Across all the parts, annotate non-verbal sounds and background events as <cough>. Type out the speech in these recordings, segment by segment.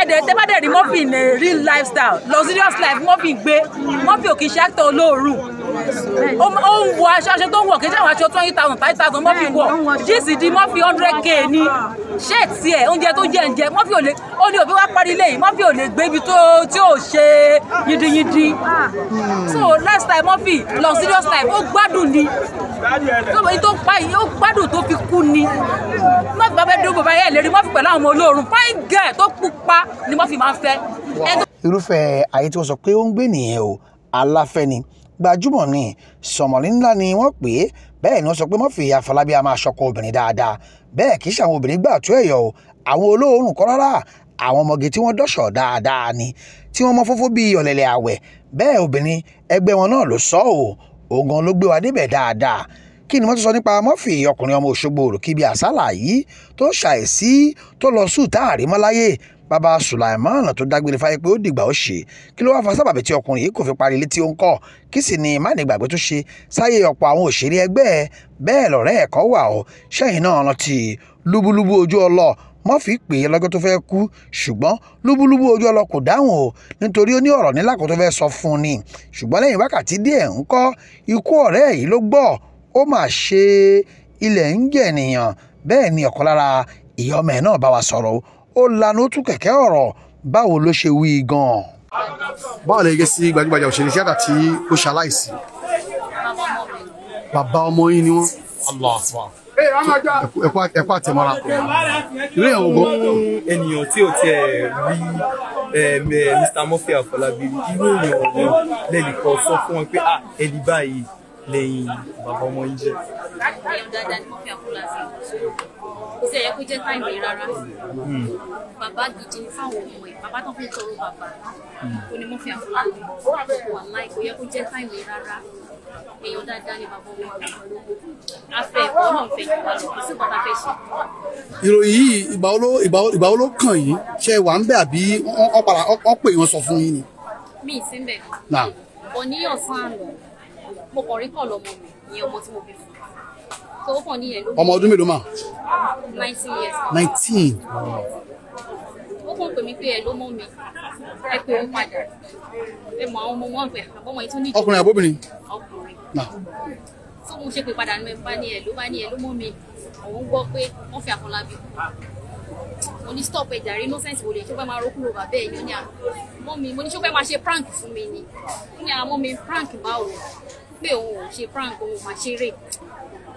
ẹ̀dẹ̀ tẹ́ bá dẹ̀ rí Murphy in eh, real lifestyle luxurious life Murphy gbé Murphy ò kì í ó ń wọ aṣọ aṣọ tó ń wọ kì í ṣe aṣọ twenty thousand thirty thousand Murphy wọ jíìsì di Murphy hundred k ní ṣéètì ẹ̀ oúnjẹ tó jẹ́ ǹjẹ́ Murphy ò lè ó ní òbí wá parí ilé yìí ò lè gbé ibi tó tí ò ṣe yindiyindi so lifestyle Murphy luxurious life ó gbádùn ni tó pa yìí ó gbádùn tó fi kú ni Murphy bàbá dúró bàbá yẹn lè rí Murphy pẹ̀lú àwọn ọmọ olóòórùn fine girl tó pupa ni wọ́n fi máa ń fẹ́. irúfẹ́ ayé tí wọ́n sọ pé ó ń gbé nìyẹn o aláfẹ́ ni gbajúmọ̀ ni sọ̀mọ̀lì ńlá ni wọ́n pè é bẹ́ẹ̀ ni wọ́n sọ pé Murphy Afọlábí a máa ṣọkọ obìnrin dáadáa bẹ́ẹ̀ kì í ṣe àwọn obìnrin gbà tó ẹ̀yọ̀ o àwọn olóòórùn kọ́ rárá àwọn ọmọge tí wọ́n dọ́ṣọ̀ dáadáa ni tí wọ́n mọ fófó bíi ọ̀lẹ̀lẹ̀ àwẹ̀ bẹ́ẹ̀ obìnrin ẹgbẹ́ wọn náà ló sọ ọ́ ògàn ló gbé wa débẹ̀ dáadáa kí ni wọ́n tún sọ nípa Murphy ọkùnrin ọmọ Òṣogbo òròkì bíi àsálà yìí tó ṣàìsí tó lọ sùn táàrí mọ́ bàbá Sulaiman tó dágbére fáyé pé ó dìgbà ó ṣe kí ló wá fa sábàbí tí ọkùnrin yìí kò fi parí ilé tí ó ń kọ́ kí sì ni má nígbàgbé tó ṣe sáyé ọ̀pọ̀ àwọn òṣèré ẹgbẹ́ ẹ bẹ́ẹ̀ lọ̀rẹ́ ẹ̀kọ́ wà ó ṣẹ́yìn náà rántí lúbúlúbú ojú ọlọ mọ́ fi pè é lọ́jọ́ tó fẹ́ kú ṣùgbọ́n lúbúlúbú ojú ọlọ kò dáhùn o nítorí ó ní ọ̀rọ̀ nílà kó tó fẹ́ sọ fún un ni ṣùgbọ́n lẹ́yìn wákàtí díẹ̀ ń kọ́ ikú ọ̀rẹ́ yìí ló gbọ́ ó mà ṣe ilẹ̀ ń jẹ̀ nìyàn bẹ́ẹ̀ ni ọ̀kan lára ìyá ọmọ ẹ̀ náà bá wa sọ̀rọ̀ ó lanu tú kẹ̀kẹ́ ọ̀rọ̀ báwo ló ṣe wí gan-an. báwo lè yẹ sí gbajúgbajà òṣèré tíátà tí ó ṣaláìsí bàbá ọmọ yín ni wọ́n ẹ̀kọ́ àtẹ̀mọ́ra ilé ìwọ̀n gbọ́. ènìyàn tí ò tiẹ̀ rí Mr. Murphy Afọlábí irú èèyàn lẹ́nìkan sọ fún wọn pé ah, ẹni báyìí lẹ́yìn bàbá ọmọ yín jẹ́. èèyàn dáadáa ni mo fi àkúrà sí kò sí ẹ̀yẹ kó jẹ́ táìmì rárá bàbá gidi ni fáwọn ọmọ ẹ̀ bàbá tó fi tọrọ bàbá kò hmm. ní mo fi àkúrà sí wà láì kò yẹ kó jẹ́ táìmì rárá èèyàn dáadáa ni bàbá ọmọ mi afẹ́ ẹ̀kọ́ náà fẹ́ ìgbà lọ kò sí nǹkan tá a fẹ́ ṣe. ìròyìn yìí ìgbà wo ló kàn yín ṣe wà ń bẹ àbí wọ́n pè wọ́n sọ fún yín ni. mi ì sí ń bẹ̀. òní àná mo kàn rí kàn mi ìyẹn ọmọ tí mo bí fún so ó kàn níyẹn ló. ọmọ ọdún mélòó mà. nineteen years. nineteen. ó kàn pè mí pé ẹ ló mọ mi ẹ pé ó padà ẹ mọ àwọn ọmọ wọn pé àbọ̀mọ̀ yìí tún ní. ọkùnrin àbóbìnrin. ọkùnrin. so mo ṣe pé padà ní ẹ bá ẹ ló bá ní ẹ ló mọ mi òun gbọ́ pé wọ́n fi àfọlábí kù mo ní stop ẹja rí nonsense wo lè ṣe fẹ́ máa rókú lò bàbá ẹ̀yàn ni àmọ́ mi mo ní ṣe fẹ́ máa ṣe prank fún mi ni ní àmọ́ mi prank báwo pé òun ò ṣe prank òun ò máa ṣeré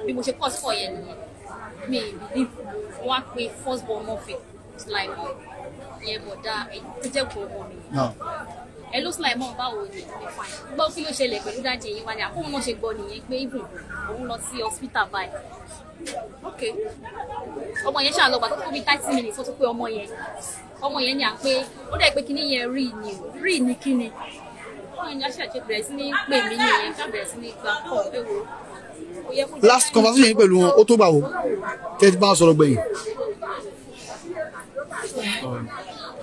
bí mo ṣe kọ́ sí kọ́ yẹn nìyẹn mi believe mo wá pé first born mọ́fẹ̀ sulaimon yẹn bọ̀dá tó jẹ́ kó ọmọ mi. ẹ ló sulaimon báwo ni mi fà yín gbọ́ kí ló ṣẹlẹ̀ pẹ̀lú dájẹ́ yín wá ní àkóhun náà ṣe gbọ́ nìyẹn pé even òun lọ sí hospital báyìí ok ọmọ yẹn ṣáà lọ gbà tó kó bí thirty minutes ó tún pé ọmọ yẹn ọmọ yẹn ni à ń pé ó dẹ̀ pé kíní yẹn rí ni rí ni kíni last conversation yìí pẹ̀lú wọn ó tó gbà wò tẹ́ ti bá wọn sọ̀rọ̀ gbẹ̀yìn.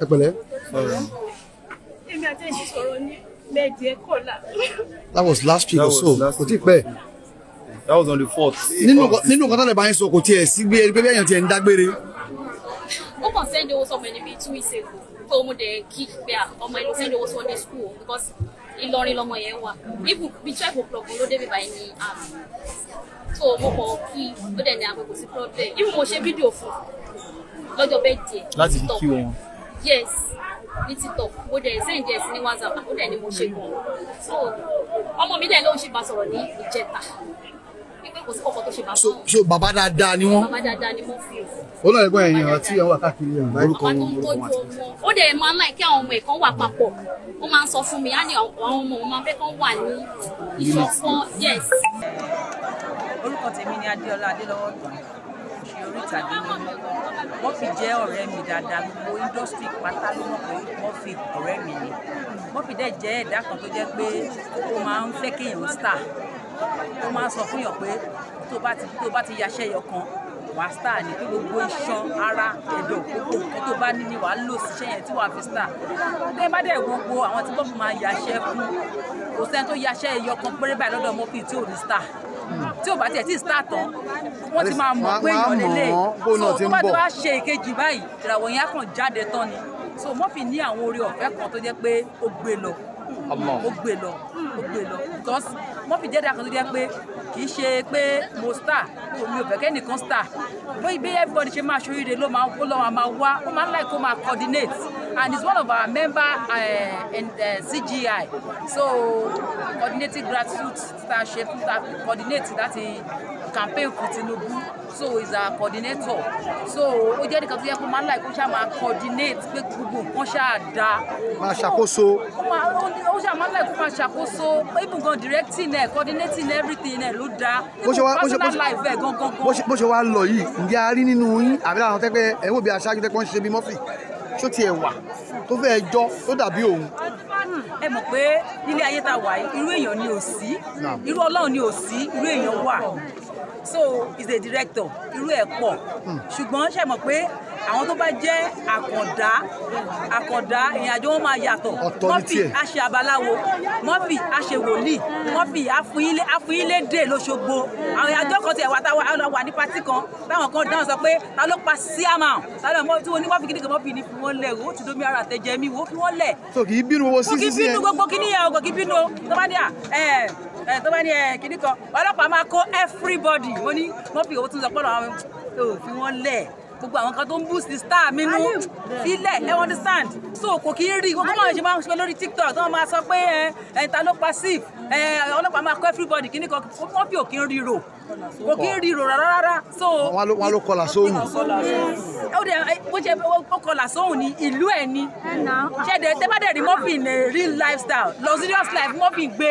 ẹ pẹ̀lẹ́. èmi àti ẹ̀jẹ̀ sọ̀rọ̀ ní méje that was last week or so kò tí pẹ́. that was on the fourth. nínú nǹkan tó lè bá yín sọ kò tiẹ̀ sí gbé ẹni pé bẹ́ẹ̀ yàn tiẹ̀ ń dágbére. ó kàn sẹ́ni owó sọmọ ẹni bíi two weeks ago kó o mú dẹ̀ kí pé ah, ọmọ ẹni sẹ́ni owó sọ ní school because Ìlọrin lọmọ yẹn wà even bíi twelve o'clock ló débi báyìí ní àmì tó mo kọ kí ó dẹ̀ ní agbègbè sí problem even mo ṣe fídíò fún lọ́jọ́ bẹ́ẹ̀ díẹ̀ láti fi kí wọn. yes ní tiktok mo dẹ̀ send yes ní whatsapp ó dẹ̀ ni mo ṣe kàn so ọmọ mi dẹ̀ ló ń ṣe bá sọ̀rọ̀ ní ìjẹta wípé kò sí kọ̀ọ̀kan tó ṣe bá sọ̀rọ̀. so bàbá dáadáa ni wọ́n. bàbá dáadáa ni mo fi ó náà ẹgbẹ́ èèyàn tí wọ́n wà káàkiri ẹ̀ orúkọ wọn orúkọ wọn. ó dẹ̀ máa ń láì kí àwọn ọmọ ẹ̀kan wà papọ̀ ó máa ń sọ fún mi á ní àwọn ọmọ òun máa fẹ́ kán wà ní ìṣọ̀kan yes. orí ìtàgé ni wọ́n fi jẹ́ ọ̀rẹ́ mi dáadáa gbogbo indọ́sítì pátá ló mọ̀ pé wọ́n fi ọ̀rẹ́ mi ni wọ́n fi dẹ̀ jẹ́ ẹ̀dá kan tó jẹ́ pé ó máa ń fẹ́ kéèyàn star ó máa ń sọ fún yàn pé tó bá ti tó yọ kan wà á star ní kí gbogbo iṣan ara ẹ̀dọ̀ gbogbo nǹkan tó bá ní ni wà á lò síṣẹ́ yẹn tí wà á fi star tẹ́ bá dẹ̀ gbogbo àwọn tí bọ́ọ̀bù máa yaṣẹ́ fún kò sẹ́ni tó yaṣẹ́ ẹyọ kan péré báyìí lọ́dọ̀ mọ́fì tí ò ní star tí ò bá tiẹ̀ tí star tán wọ́n ti máa mọ̀ pé èèyàn lélẹ̀ so tó bá ti wá ṣe ìkejì báyìí ìràwọ̀ yẹn á kàn jáde tán ni so mọ́fì ní àwọn orí ọ̀fẹ́ kan tó jẹ́ pé ó gbé lọ ó gbé lọ ó gbé lọ because wọ́n fi jẹ́dá kan tó jẹ́ pé kì í ṣe pé mo star omi ò fẹ́ kẹ́nìkan star bóyá bí everybody ṣe máa ṣoríire ló máa ó lọ́wọ́ máa wá ó máa ń láì kó máa coordinate and he's one of our member uh, in uh, eh, CGI so coordinating grassroots star ṣe fún ta coordinate láti campaign fún Tinubu so is our coordinator so o jẹ́ nìkan tó yẹ kó máa ń láì kó ṣáà máa coordinate pé gbogbo nǹkan ṣáà da. máa ṣàkóso. ó ṣáà máa ń láì kó máa ṣàkóso even gan directing ẹ coordinating everything ẹ ló da. bó ṣe wá bó ṣe bó ṣe wá lọ yìí ǹjẹ́ a rí nínú yín àbí àwọn tẹ́pẹ́ ẹ̀ wò bí aṣáájú tẹ́pẹ́ ń ṣe bí Murphy tó tiẹ̀ wà tó fẹ́ jọ tó dàbí òun hmm, ẹ mọ̀ pé nílé ayé tá a wà yìí irú èèyàn ni ò sí irú ọlọ́run ni ò sí irú èèyàn wà so he's a director irú ẹ̀ pọ̀ ṣùgbọ́n ṣe mọ̀ pé àwọn tó bá jẹ́ àkàndá àkàndá ìrìn àjò wọn máa yàtọ̀ mọ́fì àṣẹ abaláwo mọ́fì àṣẹ wòlíì mọ́fì àfúyílé dè lóṣogbo àwọn àjọ kan ti ẹ̀wà táwọn wà ní pátì kan táwọn kan dáhùn sọ pé ta ló pa síàmà ta ló mọ tí wọn ní mọ́fì kí ni kan mọ́fì ni fi wọ́n lẹ̀ o ti domi ara àtẹ̀jẹ̀ mi wò fi wọ́n lẹ̀. so kì í bínú owó sísí ẹ kò kì í bínú gbogbo kí ẹ eh, tó bá ní ẹ eh, kíní kan ọlọ́pàá máa kó everybody mo ní mọ́fì owó tún sọ pọ́nà àwọn tó fi wọ́n lẹ̀ gbogbo àwọn kan tó ń boost star mi sílẹ̀ ẹ understand so kò kí ń rí gbogbo àwọn ìṣe máa ń ṣe lórí tiktok tí wọ́n máa sọ pé ẹ ló pa sif ọlọ́pàá máa kọ́ everybody kí ni kan wọ́n fi òkè ń ríro kò kí ń ríro rárá rárá so. wọn ló kọlà sóhùn. ó dẹ bó ṣe ó kọlà sóhùn ní ìlú ẹ ni ṣẹ̀dẹ̀ tẹ́ bá dẹ̀ rí mọ́fìn eh, real lifestyle luxurious life mọ́fìn gbé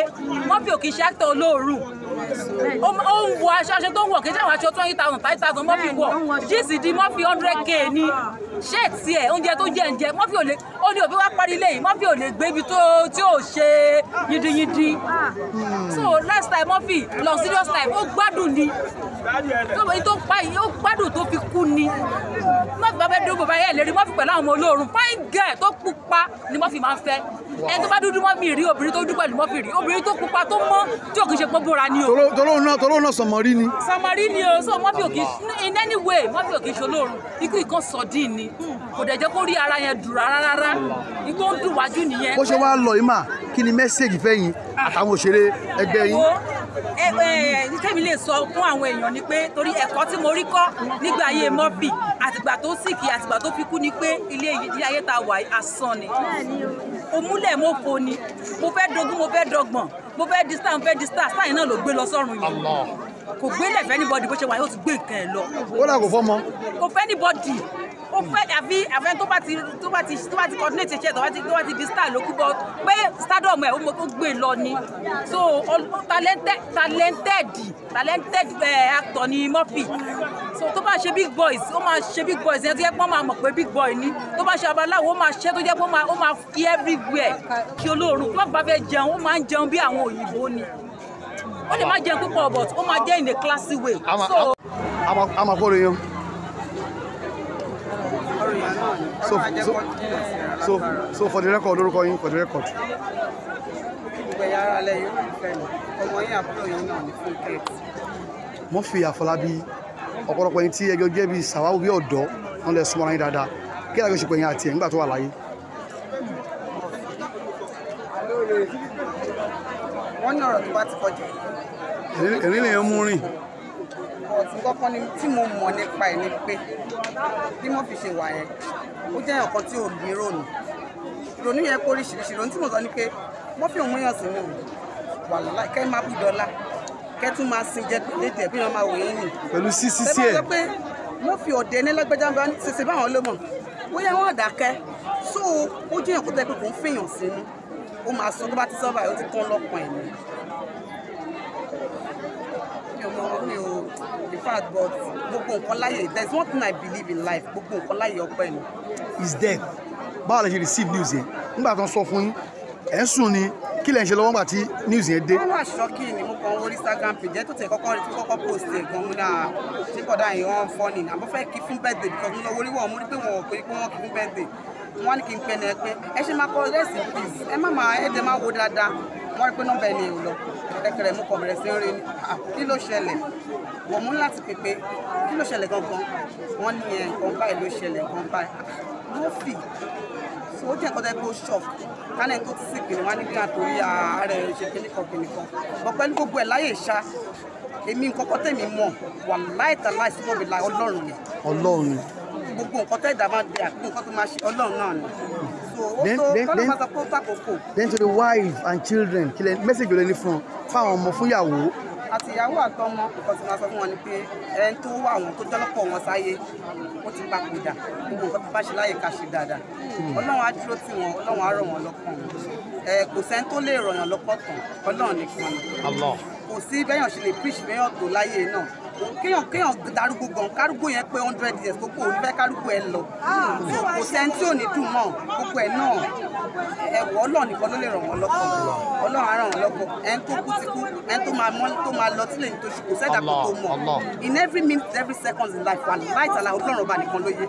mọ́fìn òkè ṣe actor olóòrùn ó ń wọ aṣọ aṣọ tó ń wọ kí jẹ́ àwọn aṣọ twenty thousand thirty thousand mọ́ fi wọ̀ jíìsì di mọ́ fi hundred k ni ṣéètì ẹ̀ oúnjẹ tó jẹ́ ǹjẹ́ mọ́ fi ò lè ó ní òbí wá parí ilé mọ́ fi ò lè gbé ibi tí ò ṣe yindiyindi so lifestyle mọ́ fi luxurious life ó gbádùn ni tó pa yìí ó gbádùn tó fi kú ni mọ́fì bá fẹ́ dúró bò báyẹ̀ lérí mọ́fì pẹ̀lú àwọn ọmọ olóòórùn fine girl tó pupa ni mọ́fì máa ń fẹ́ ẹni tó bá dúdú mọ́fì rí obìnrin tó dúdú pẹ̀lú mọ́fì rí obìnrin tó pupa tó mọ́ tí ò kì í ṣe pọ́ bóra ni o. tolóhùn náà tolóhùn náà sọmọrí ni. sọmọrí ni o so mọ́fì ò kì í in any way mọ́fì ò kì í ṣe olóòórùn ikú ìkan sọ̀dí ni kò dẹ̀ jẹ́ kó rí ara yẹn dùn rárá rárá igbó ń dùn wájú nìyẹn. bó ṣe wá lọ yìí mà kí ni mẹ́sẹ̀gì fẹ́yìn àtàwọn òṣèré ẹgbẹ́ yín tẹ́mi lè sọ fún àwọn èèyàn ni pé torí ẹ̀kọ́ tí mo rí kọ́ nígbà ayé Murphy àtìgbà tó sìkì àtìgbà tó fi kú ni pé ilé ayé ta wà asán ni òmúlẹ̀ mo fo ni mo fẹ́ dogún mo fẹ́ dọgbọ̀n mo fẹ́ di star mo fẹ́ distance. star sáyẹn náà ló gbé lọ sọ́run yìí kò gbélé fẹ́ níbọ̀dì bó ṣe wà yóò ti gbé nǹkan ẹ̀ lọ. ó dà kò fọmọ. kò fẹ́ níbọ̀dì ó fẹ́ àfi àfẹ́ tó bá ti tó bá ti tó bá ti coordinate iṣẹ́ tó bá ti tó bá ti di star ló kú bọ́ pé stardom ẹ̀ ó mọ tó gbé e lọ ni so talented talented talented eh, actor ni Murphy so tó bá ṣe big boys ó máa ṣe big boys yẹn tó yẹ pé wọ́n máa mọ̀ pé big boy ni tó bá ṣe abaláwo ó máa ṣe tó yẹ pé ó máa fi everywhere kí olóorun tó bá fẹ́ jẹun ó máa ń jẹun bí àwọn òyìnbó ni ó lè má jẹ púpọ̀ but ó máa jẹ in a classy way. so àmà kórè yan. So, so, so, so for the record lórúkọ yín for the record. gbogbo ẹ̀yà ara lẹ yóò fi fẹ́ mi ọmọ yín àbúrò yín náà ní fún kéèkì. wọ́n fi Àfọlábí ọ̀pọ̀lọpọ̀ ẹni tí ẹjọ́ jẹ́ bíi sàwáwù bíi ọ̀dọ́ wọn lè súnmọ́ra yín dáadáa kí lágbèsè pé yín àti ẹ̀ nígbà tó wà láyé. wọ́n ní ọ̀rọ̀ tó bá ti kọjá èrí lèyàn mú rìn. ọ̀tún kọ́kọ́ ni tí mo mọ̀ nípa ẹ̀ ni pé bí mo fi ṣe wà yẹn ó jẹ́ ọ̀kan tí ò bí rònú rònú yẹn kó oríṣiríṣi rònú tí mo sọ ni pé wọ́n fi òun múyàn sí wà lọ́la kẹ́ máa bú dọ́là kẹ́ tún máa sin jẹ lédè bí wọ́n máa wò yín nì. pẹ̀lú sísí sí ẹ̀. mo fi ọ̀dẹ ní lágbájá bá ní ṣèṣe báwọn ló mọ̀ bóyá wọ́n dákẹ́ so ó jẹ́ ọ̀kan pé kò ń fèèyàn sínú ó máa sọ tó bá ti sọ́ọ́ báyìí ti tán lọ́kàn ẹ̀ sad but there's one thing i believe in life gbogbo nǹkan láyè ọpẹ́ is dead báwo lè ṣe receive news yẹn nígbà tó ń sọ fún yín ẹ̀ ń sùn ni kí lè ń ṣe lọ́wọ́ nígbà tí news yẹn dé. wọ́n wà ṣọ́kì ni mo Instagram page tó tẹ̀ kọ́kọ́ rí tó kọ́kọ́ post ẹ̀ gan-an náà ṣé funny. I'm wọ́n ń fọ́ ni àbọ̀ because mo lọ orí wọn mo rí pé wọn ò pé pé wọ́n kí fún birthday wọ́n ní kí n pẹ́ ni ẹ pé wọ́n rí pé nọ́mbà ẹni ò lọ ẹ̀kẹ̀rẹ̀ mú kọ̀ bẹ̀rẹ̀ sí rí ni kí ló ṣẹlẹ̀ wọ́n mú láti pépé kí ló ṣẹlẹ̀ gangan wọ́n ní ẹ̀ nǹkan báyìí ló ṣẹlẹ̀ nǹkan báyìí wọ́n fì so ó jẹ́ nǹkan tẹ́ pé ó ṣọ̀ kánẹ̀ tó ti sì kìnnìkan níbi àtòrí ààrẹ ṣe kìnnìkan kìnnìkan bọ̀ pẹ̀lú gbogbo ẹ̀ láyè ṣá èmi nǹkan kan tẹ̀mí mọ̀ wà láìta láìsí mọ̀ mi la ọlọ́run ni. ọlọ́run ni. gbogbo nǹkan tẹ́ ìdá máa dé àti nǹkan tó máa ṣe ọlọ́run náà ni then then then then to the wife and children kí lẹ message olóyún fún fáwọn ọmọ fún ìyàwó. àtìyàwó àtọmọ nǹkan tí wọn sọ fún wọn ni pé ẹni tó wà wọn tó jọlọpọ wọn sáyé wọn ti papòdà gbogbo nǹkan tó bá ṣe láyè ká ṣe dáadáa hmm. Ọlọ́run á dúró tì wọ́n Ọlọ́run á rọ̀ wọ́n lọ́kàn kò sẹ́ni tó lè rọ̀yàn lọ́kàn tán Ọlọ́run nìkan kò sí bẹ́yàn ṣe lè preach bẹ́yàn tó láyé náà kéèyàn kéèyàn darúgbó gan kárúgbó yẹn pé hundred years kókó òun fẹ́ kárúgbó ẹ lọ kò sẹ́ni tí ò ní dùn mọ́ kókó ẹ náà ẹ̀wọ̀ ọlọ́ọ̀ nìkan ló lè ràn wọ́n lọ́kọ̀ ọlọ́ọ̀ á ràn wọ́n lọ́kọ̀ ẹni tó kú ti kú ẹni tó máa mọ́ tó máa lọ tílé nítorí kò sẹ́dá kó tó mọ̀ in every minute every second in life wa láìtàlà ọlọ́run ọba nìkan ló yẹ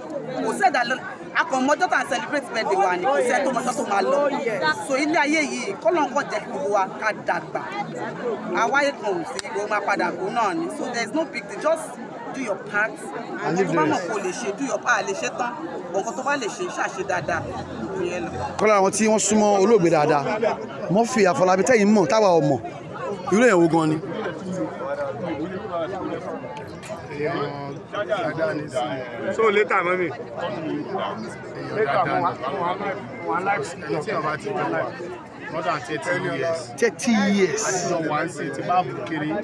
kò sẹ́dá lọ́run akọ̀mọ́jọ́ tá à ń celebrate birthday wa ni kò sẹ́ tó mọ́jọ́ tó máa lọ so ilé ayé yìí kọ́lọ́ǹkọ́ jẹ́ gbogbo wa ká dàgbà àwa ètò sí gbogbo máa padà kú náà ni so there is no big deal just do your part àwọn tó bá lè ṣe do your part lè ṣe tán nǹkan tó bá lè ṣe ṣàṣe dáadáa ìyẹn lọ. kọ́lá àwọn tí wọ́n súnmọ́ olóògbé dáadáa Murphy Àfọlábí tẹ́yìn mọ̀ táwa ò mọ̀ irú èèyàn wo gan ni so later mọ́mí. later One wà mo wà thirty years. thirty years. àtijọ́ wa ń sè tí bá bù wa bíi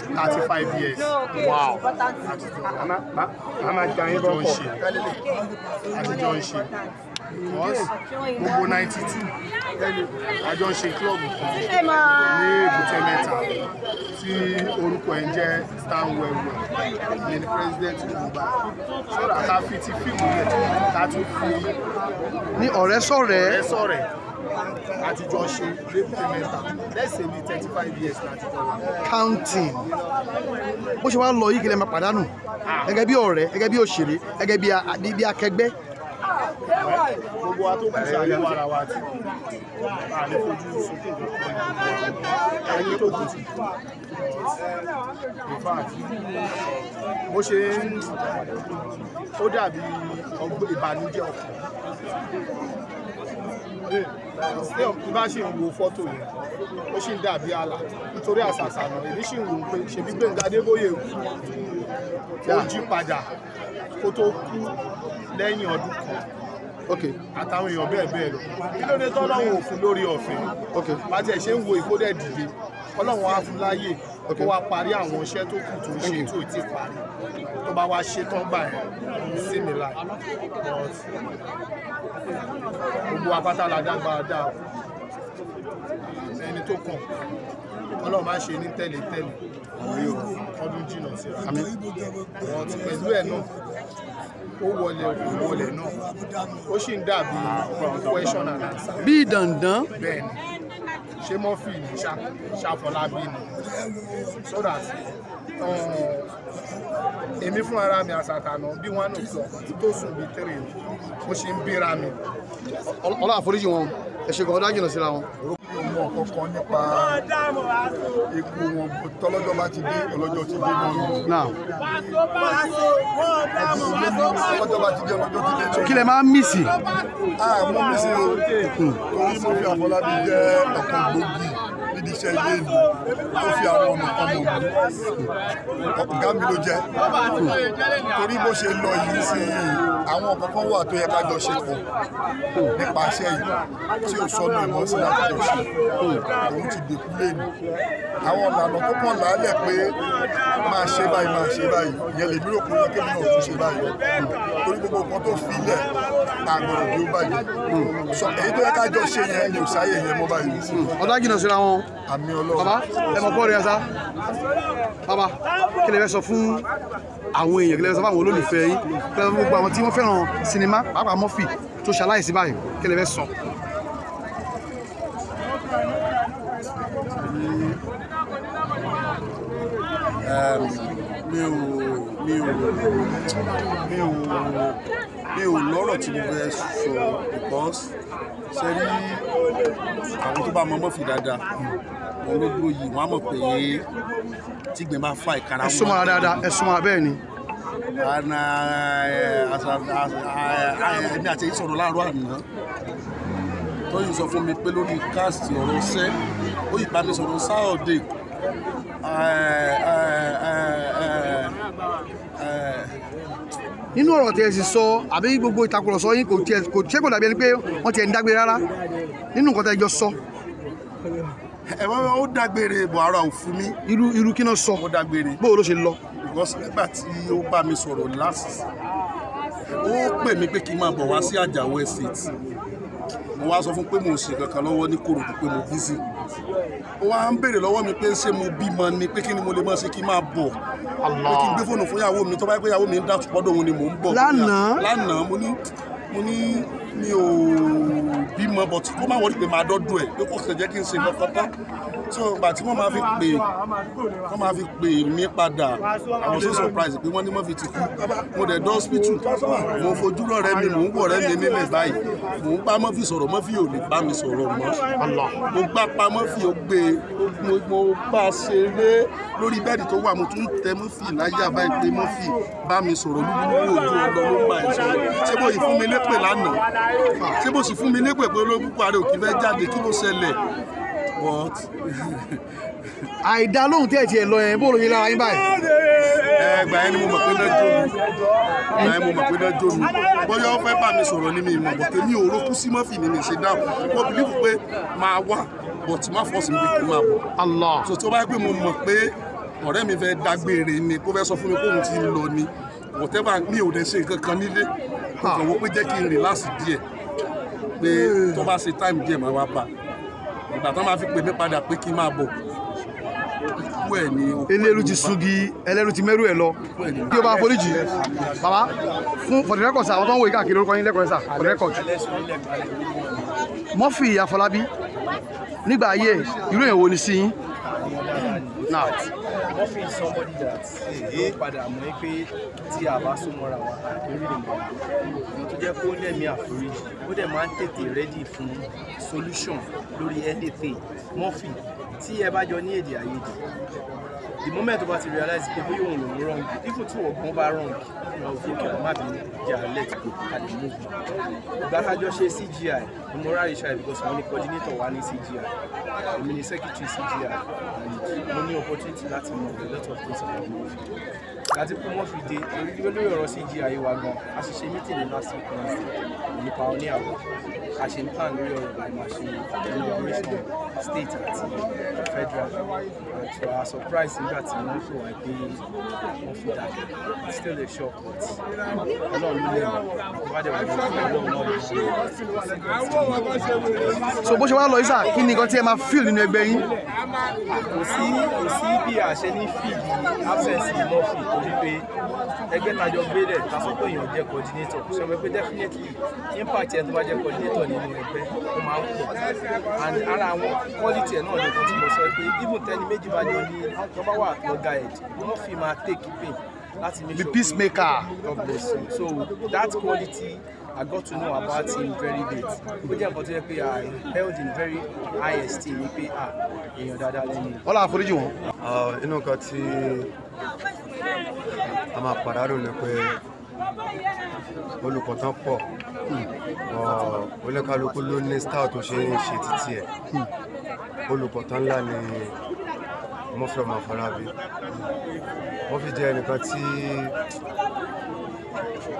thirty five years. wow àtijọ́ wa àtijọ́ ń ṣe àtijọ́ ṣe because gbogbo ninety two àjọ ṣe club kan ní èbúté tí orúkọ ẹ̀ ń jẹ́ stan wẹ̀wẹ̀ ní president yorùbá sọ̀rọ̀ àtàfi ti fíìmù rẹ̀ ká tún fi. ní ọ̀rẹ́ sọ̀rẹ́ àtijọ́ ṣe lébùté mẹ́ta lẹ́sẹ̀ ní thirty five years látijọ́ wa. counting bó ṣe wá lọ yìí kí lè máa pàdánù ah. gẹ́gẹ́ bí ọ̀rẹ́ gẹ́gẹ́ bí òṣèré gẹ́gẹ́ bí akẹgbẹ́ gbogbo wa tó kù sí àyẹ̀wò ara wa ti àlè fojú sókè ẹni tó kù sí mo ṣe ń ó dàbí ọgbọ́n ìbànújẹ́ ọkàn bá ṣì ń wo fọ́tò yẹn ó ṣì ń dàbí àlà nítorí àṣàṣà náà èmi ṣì ń wò ó pé ṣèbí Gbénga Adébóyè kú ó jí padà kó tó kú lẹ́yìn ọdún kan àtàwọn èèyàn bẹ́ẹ̀ bẹ́ẹ̀ lọ kí ló dé tọ́lọ́wọ̀n òfin lórí ọ̀fẹ́ bàtẹ̀ ṣe ń wo ìkódẹ̀ dìde ọlọ́wọ̀n á fún láyè kó wá parí àwọn iṣẹ́ tó kù tó ń ṣe tí ò ti parí tó bá wá ṣe tán gbà yẹn sí mi láì gbogbo apáta la dágbára dáa ẹni tó kàn ọlọ́run máa ń ṣe ní tẹ́lẹ̀tẹ́lẹ̀ ọdún jìnnà síra wọn pẹ̀lú ẹ̀ náà ó wọlé ó wọlé náà ó sì ń dàbí question and answer. bí dandan. bẹ́ẹ̀ni ṣé murphy ni ṣàfọlábí ni so that uh, èmi fún ara mi àṣàkànà bí wọn nù sọ tó sùn bíi tẹrẹ mo ṣe ń bíra mi. ọlọ́ àforíjì wọn ẹ ṣe kọ̀ọ̀dá jìnnà síra wọn. orúkọ mọ kankan nípa ikú wọn tọlọ́jọ́ bá ti dé ọlọ́jọ́ ti dé náà. tọlọ́jọ́ bá ti dé ọlọ́jọ́ ti dé náà. kí lè máa mísì. a ah, mú mísì o hmm. torí mo fi Àfọlábí jẹ́ ọ̀kan gbòógì nídìí iṣẹ́ ilé mi tó fi àwọn ọ̀nà kan mọ̀ mí ọ̀gá mi ló jẹ́ torí bó ṣe lọ yìí sí àwọn kankan wà tó yẹ ká jọ ṣe pọ̀ nípa iṣẹ́ yìí tí ò sọnù ìmọ̀ sí láti lọ ṣe òun ti dèkú léèmí àwọn ọ̀lànà tó kàn lálẹ̀ pé máa ṣe báyìí máa ṣe báyìí ìyẹn lèmi rò pé yẹ kémi náà tún ṣe báyìí torí gbogbo nǹkan tó fi lẹ̀ àgbọ̀rọ̀ bí ó báyìí sọ èyí tó yẹ ká jọ ṣe yẹn ni ò yẹn mọ́ báyìí. ọ̀dà jìnnà síra wọn àmì Ọlọ́run. baba ẹ mọ bọ́ọ̀lù yẹn sá baba kí lè fẹ́ sọ fún àwọn èèyàn kí lè fẹ́ sọ fún àwọn olólùfẹ́ yín kí lè fẹ́ gbogbo àwọn tí wọ́n fẹ́ràn sinimá pàápàá mọ́fì tó ṣaláìsí báyìí kí lè fẹ́ sọ. mi ò mi ò mi ò lọ́rọ̀ tí mo fẹ́ sọ because ṣe rí àwọn tó bá mọ Murphy dáadáa òun ló dúró yìí wọ́n á mọ̀ pé tígbìn bá fa ìkara wọn. ẹ súnmọ́ dáadáa ẹ súnmọ́ bẹ́ẹ̀ ni ana uh, ẹni uh, àti èyí sọ̀rọ̀ láàárọ̀ àná tóyìn sọ fún mi pé lórí káàsì ọ̀rọ̀ ṣẹ́ ó yìí bá mi sọ̀rọ̀ sáọ̀dẹ̀ nínú ọ̀rọ̀ tí ẹ sì sọ àbí gbogbo ìtakùrọ̀sọ yín kò tiẹ̀ kò ṣé kò dàbí ẹni pé wọ́n ti ẹ̀ ń dágbére rárá nínú nǹkan tẹ́ jọ sọ. ẹ wọ́n ó dágbére bọ̀ ara ò fún mi. irú irú kí náà sọ ó dágbére bó o ló ṣe lọ. because nígbà tí ó bá mi sọ̀rọ̀ last ó pè mí pé kí n máa bọ̀ wá sí Àjàó estate mo wá sọ fún pé mo ò ṣe kankan lọ́wọ́ ní Kòròdú pé mo busy ó wá ń béèrè lọ́wọ́ mi pé ṣé mo bímọ ni pé kí ni mo lè máa ṣe kí n máa bọ̀ pé kí n gbé fóònù fún ìyàwó mi tó bá yẹ pé ìyàwó mi ń dà tùpọ́dọ̀ òun ni mò ń bọ̀ lánàá lánàá mo ní mo ní mi ò bímọ but kó má wọlé pé máa dọ́dún ẹ̀ pé kò sì jẹ́ kí n ṣe nǹkan tán so ìgbà tí wọ́n máa fi pè wọ́n máa fi pè mí padà I was so surprised pé wọ́n ní wọ́n fi ti kú mo dẹ̀ dọ́ hospital mo fojú lọ́rẹ́ mi mò ń wọ̀ rẹ́ mi nílẹ̀ báyìí mò ń bá mọ́fì sọ̀rọ̀ mọ́fì ò lè bá mi sọ̀rọ̀ mọ́ mo gbá pa mọ́fì ó gbé ó e mo mo bá a ṣeré lórí bẹ́ẹ̀dì tó wà mo tún tẹ mọ́fì láyà báyìí pé mọ́fì bá mi sọ̀rọ̀ lúlúlú ojú ọ̀nà ló ń bá ẹ̀ sọ̀rọ̀ ṣé bó yìí fún mi lépè lánàá ṣé bó sì fún mi lépè pé olóògùn parí òkè fẹ́ jáde kí ló ṣẹlẹ̀ but. <laughs> àìdá lóhùn tí ẹ tiẹ̀ lọ yẹn bó ló ṣe lára yín báyìí. ẹgbà yẹn ni mo mọ̀ pé náà jó mi ẹgbà yẹn mo mọ̀ pé náà jó mi bóyá ó fẹ́ bá mi sọ̀rọ̀ ni mi mọ̀ bọ̀ tèmi ò rókú sí mọ́fì ni mi ṣe dáhùn mo bìlífù pé máa wà but má force mi pé kí n Allah so tí ó bá yẹ pé mo mọ̀ pé ọ̀rẹ́ mi fẹ́ dágbére ni kó fẹ́ sọ fún mi kóun ti lọ ni whatever mi ò dẹ̀ ṣe nǹkan kan nílé mo kàn wọ́n pé jẹ́ kí n relax díẹ̀ pé hmm. tó bá ṣe time díẹ̀ máa wá bá ìgbà tó máa fi pè mí padà pé kí n máa bọ̀ ikú ẹ̀ ni òkú eléru ti sugi eléru ti mẹ́rù ẹ̀ lọ kí o bá foríjì bàbá fún for the record sir àwọn tó ń wo ìkàkiri orúkọ yín lẹ́kọ̀ọ́ sir for the record Murphy Afọlábí nígbà ayé irú èèyàn wo ni sí not. solution lórí anything Murphy tí ẹ bá jọ ní èdè àìyedè the moment tó bá ti realize pé bóyá òun lòun wrong even tí ọgbọ́n bá wrong ìwà òfin kí ọ̀hún má bínú jẹ́ alert go and move ìgbà tájọ ṣe CGI ni mo ráre ṣáà because mo ní coordinator wa ní CGI èmi ní secretary CGI and mo ní opportunity láti mọ a lot of things about movie àti pé wọ́n fi de lórí ọ̀rọ̀ CGI wa gan a ṣiṣẹ́ meeting ní last week ní pioneer a ṣe ń plan lórí ọ̀rọ̀ ìgbà máa ṣe ìlú orísun state àti federal and to our surprise nígbà tí wọ́n pè wá pé wọ́n fi dàgbà it's still a shock but ọlọ́run ló lè wá dẹ̀ wọ́n lọ́wọ́ ọlọ́run náà lè so bó ṣe wá lọ isa kí ni nǹkan tí ẹ máa feel nínú ẹgbẹ́ yín. kò sí kò sí bí àṣẹ ní fíìlì absence ìmọ̀ fún ìtòrí pé ẹgbẹ́ tajọ gbé rẹ̀ ta èèyàn definitely impact ẹ̀ tó jẹ́ coordinator and ara àwọn quality ẹ̀ náà ni nǹkan tí mo sọ pé even tẹ́ni méjì bá ní oní tó bá wà ẹ̀ wọ́n fi máa take pain láti make sure the peacemaker of bless you so that quality I got to know about him very late ó jẹ́ nǹkan tó yẹ pé I held in very high esteem ni pé ah èèyàn dáadáa lẹ́nu. ọlá àforíjì wọn. Ah, inú nǹkan tí a máa pàdánù ni pé olùkọ́ tán pọ̀ olókàlùkù ló ní star tó ṣe ń ṣe títí ẹ̀ olùkọ́ tán ńlá ni Murphy ọmọ Afọlábí Murphy jẹ́ ẹnìkan tí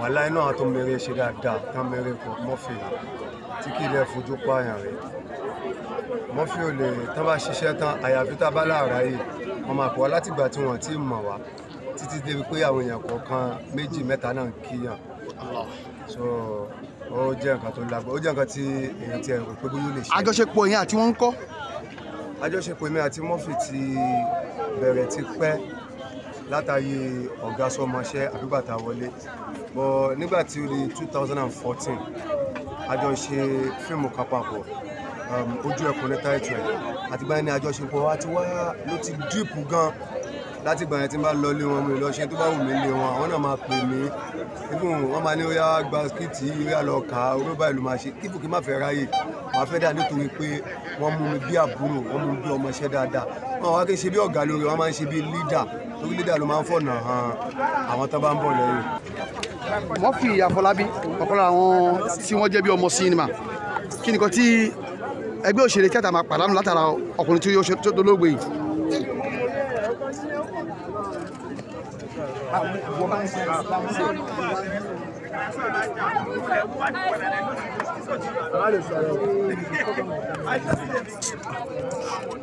wàhálà iná àtọ́ mẹ́rẹ́ ṣe dáadáa tá mẹ́rẹ́ kọ Murphy tí kì í lẹ́ fojú pààyàn rẹ̀ Murphy ò lè tán bá ṣiṣẹ́ tán àyàfi tá a bá láàárá yìí ọmọ àpò wa látìgbà tí wọ́n ti mọ̀ wá títí débi pé àwọn èèyàn kọ̀ọ̀kan méjì mẹ́ta náà ń kíyàn so ó jẹ́ nǹkan tó lágbó ó jẹ́ nǹkan tí èèyàn ti ẹ̀rù pé bóyá ó lè ṣe. àjọṣepọ̀ yẹn àti wọ́n ń kọ́. àjọṣepọ̀ èmi àti Murphy ti bẹ̀rẹ̀ ti pẹ́ látàrí ọ̀gá sọmọṣẹ́ àbígbàtà wọlé bọ̀ nígbà tí ó di two thousand and fourteen a jọ ṣe fíìmù kan papọ̀ um, ojú ẹkùn ní ẹ̀ àtìgbà yẹn ni àjọṣepọ̀ wa ti wá ló ti díìpù gan-an láti ìgbà yẹn tí n bá lọ lé wọn mi lọ ṣe tó bá wù mí lé wọn àwọn náà máa pè mí even wọn máa ní ó yá gba skiti ó yá lọ kà á ó bá ìlú máa ṣe kíkù kí n má fẹ́ ráyè màá fẹ́ dà nítorí pé wọ́n mú mi bí àbúrò wọ́n mú mi bí ọmọọṣẹ́ dáadáa wọn wá kí n ṣe bí ọ̀gá lórí wọn máa ń ṣe bí lídà torí lídà ló máa ń fọ̀nà hàn àwọn tó bá ń bọ̀ lẹ́yìn. wọ́n fi Àfọlábí ọ̀pọ̀ lára àwọn tí wọ́n jẹ́ bí ọmọ Náà.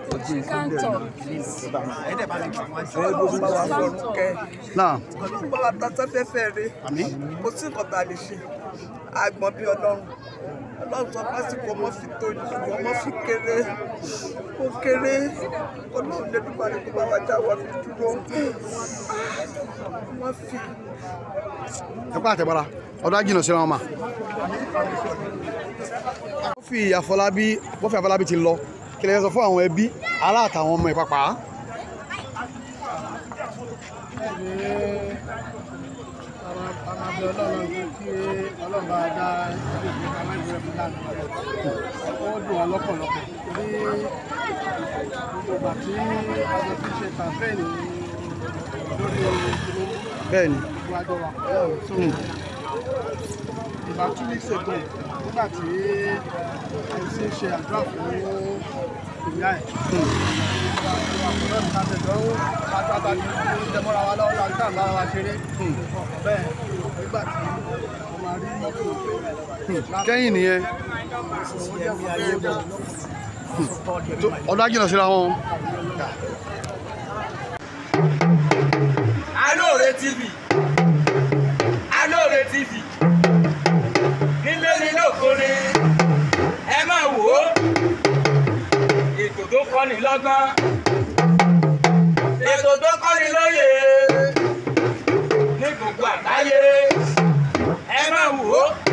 Kò sí nǹkan tá a lè ṣe, àgbọ̀n bíi ọlọ́run ọlọ́run sọ pásítọ̀ ọmọ fi tóbi ọmọ fi kéré ó kéré ọlọ́run lẹ́dúgba ni kó bá wá já wa fi dúró wọ́n fi. ẹ kó àtẹ̀bọ́ra ọdún ajínà síra wọn mà. wọ́n fi àfọlábí wọ́n fi àfọlábí ti lọ kí lè sọ fún àwọn ẹbí aláàtàwọn ọmọ ìpapà àmàbẹ ọlọ́run kí ọlọ́run bá dá ẹgbẹ́ ìgbésẹ̀ aláìwúrẹ́ fún lánàá ó dùn ọ́ lọ́pọ̀lọpọ̀ torí gbogbo ìgbà tí a jọ fi ṣe kàmpẹ́ẹ̀nì lórí ìṣòro bẹ́ẹ̀ni ìwájọ wa so ìbá ṣètò nígbà tí ẹ ti ṣe àdúrà fún ìyá ẹ̀. ọ̀pọ̀lọpọ̀ àtẹ̀dọ́wọ́ pátápátá ní ìjẹmọ́ra wa lọ́wọ́ láti àgbà wa ṣeré. bẹ́ẹ̀ nígbà tí mo kẹ́yìn nìyẹn ọ̀dọ́ síra wọn. Alore TV Alore TV nílé nílé òkúrin. kọ́ni lọ́gbọ́n ètò tó kọ́ni lóye ní gbogbo àgbáyé ẹ máa wò ó.